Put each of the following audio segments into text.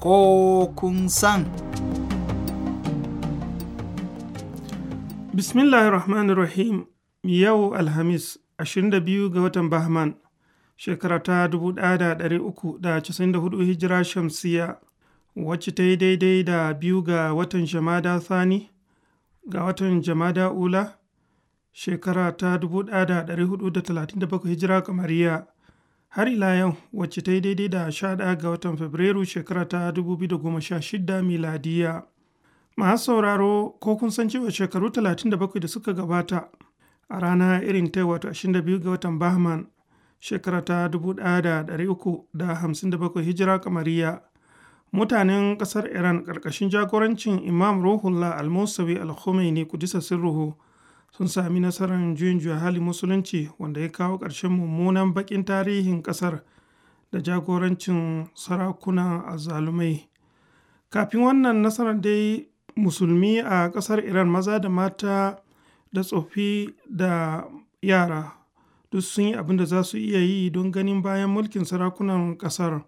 ko kun san. Bismillahirrahmanirrahim yau Alhamis 22 ga watan Bahman shekara ta 1394 hijira shamsiya wacce ta yi daidai da biyu ga watan Jamada Sani ga watan Jamada Ula shekara ta 1437 hijira kamariya. har ila yau wacce ta yi daidai da 11 ga watan Fabrairu shekara ta 2016 miladiya. Masu sauraro ko kun san cewa shekaru 37 da suka gabata a rana irin ta wato 22 ga watan Bahman shekara ta 1357 hijira kamariya mutanen ƙasar Iran ƙarƙashin jagorancin Imam Ruhullah al-Musawi al-Khomeini kudisa sirruhu sun sami nasarar juyin juya hali musulunci wanda ya kawo ƙarshen mummunan baƙin tarihin ƙasar da jagorancin sarakunan azalumai kafin wannan nasarar dai musulmi a ƙasar iran maza da mata da tsofi da yara duk sun yi abin da za su iya yi don ganin bayan mulkin sarakunan ƙasar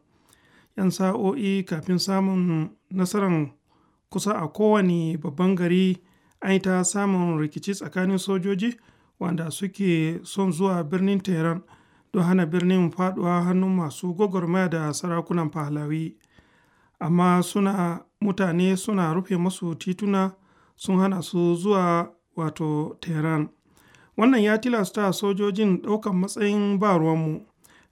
'yan sa'o'i kafin samun nasarar kusa a kowane babban gari an yi ta samun rikici tsakanin sojoji wanda suke son zuwa birnin tehran don hana birnin faduwa hannun masu gwagwarmaya da sarakunan pahlawi amma suna mutane suna rufe masu tituna sun hana su zuwa wato tehran wannan ya tilasta sojojin daukan matsayin ba ruwanmu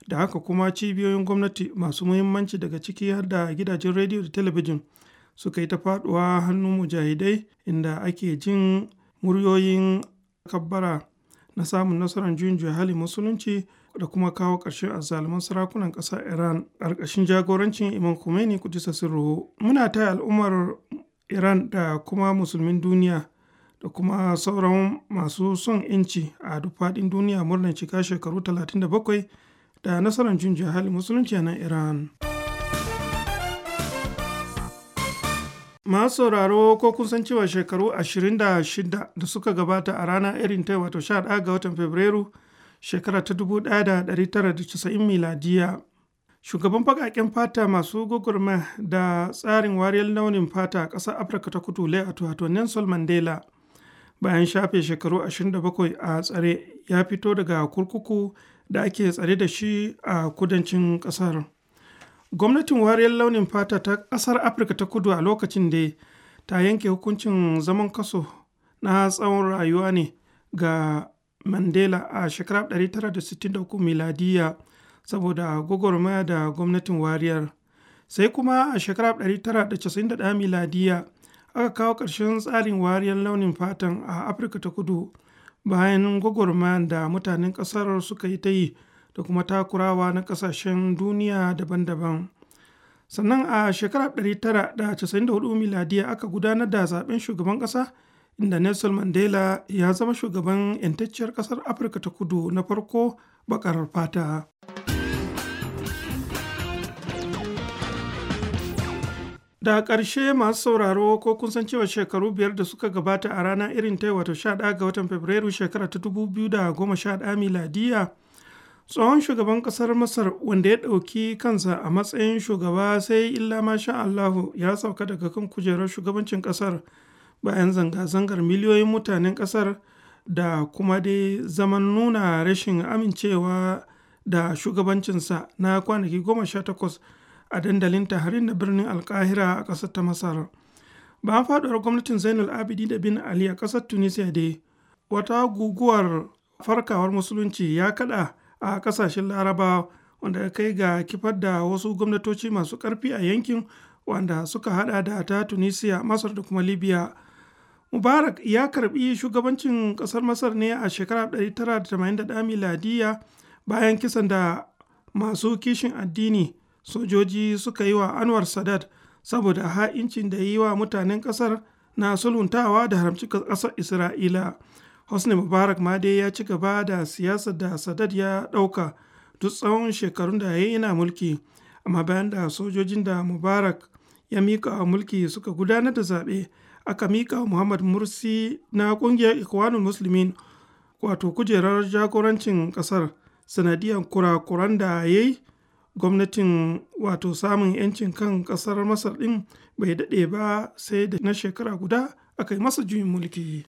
da haka kuma cibiyoyin gwamnati masu muhimmanci daga ciki har da gidajen rediyo da talabijin suka yi ta faduwa hannun mujahidai inda ake jin muryoyin kabbara na samun nasarar juyin juya hali musulunci da kuma kawo ƙarshen azzaluman sarakunan ƙasa iran ƙarƙashin jagorancin imam khomeini kudi sirruhu muna ta al'ummar iran da kuma musulmin duniya da kuma sauran masu son inci a duk faɗin duniya murnar cika shekaru 37 da nasarar juyin juya hali musulunci a nan iran. masu sauraro ko kun san cewa shekaru 26 da suka gabata a rana irin ta wato 11 ga watan fabrairu shekara ta 1990 miladiya shugaban baƙaƙen fata masu gugurma da tsarin wariyar launin fata a ƙasar afirka ta kudu layout wato nelson mandela bayan shafe shekaru 27 a tsare ya fito daga kurkuku da ake tsare da shi a kudancin ƙasar. gwamnatin wariyar launin fata ta kasar afirka ta kudu a lokacin da ta yanke hukuncin zaman kaso na tsawon rayuwa ne ga mandela a shekarar 1963 miladiya saboda gwagwarmaya da gwamnatin wariyar sai kuma a shekarar 1991 miladiya aka kawo ƙarshen tsarin wariyar launin fatan a afirka ta kudu bayan gwagwarmayar da mutanen ƙasar suka yi ta yi da kuma takurawa na kasashen duniya daban-daban sannan a shekarar 1994 miladiya aka gudanar da zaben shugaban kasa inda nelson mandela ya zama shugaban 'yantacciyar kasar afirka ta kudu na farko bakarar fata da ƙarshe masu sauraro ko kun san cewa shekaru biyar da suka gabata a rana irin ta wato 11 ga watan fabrairu shekara ta 2011 miladiya tsohon shugaban kasar masar wanda ya ɗauki kansa a matsayin shugaba sai illa masha allahu ya sauka daga kan kujerar shugabancin kasar bayan zanga-zangar miliyoyin mutanen kasar da kuma dai zaman nuna rashin amincewa da shugabancinsa na kwanaki goma sha takwas a dandalin taharin na birnin alkahira a kasar ta masar bayan faɗuwar gwamnatin zainul abidi da bin ali a ƙasar tunisia dai wata guguwar farkawar musulunci ya kaɗa a kasashen laraba wanda ya kai ga kifar da wasu gwamnatoci masu karfi a yankin wanda suka hada da ta tunisia masar da kuma libya mubarak ya karbi shugabancin kasar masar ne a shekara 1981 miladiya bayan kisan da masu kishin addini sojoji suka yi wa anwar sadat saboda ha'incin da yi wa mutanen kasar na sulhuntawa da haramci kasar isra'ila hosni mubarak ma dai ya ci gaba da siyasar da sadad ya ɗauka duk tsawon shekarun da ya yi yana mulki amma bayan da sojojin da mubarak ya mika wa mulki suka gudanar da zaɓe aka mika wa muhammad mursi na ƙungiyar ikwanul muslimin wato kujerar jagorancin ƙasar sanadiyar kurakuran da ya yi gwamnatin wato samun yancin kan ƙasar masar ɗin bai daɗe ba sai da na shekara guda aka yi masa juyin mulki.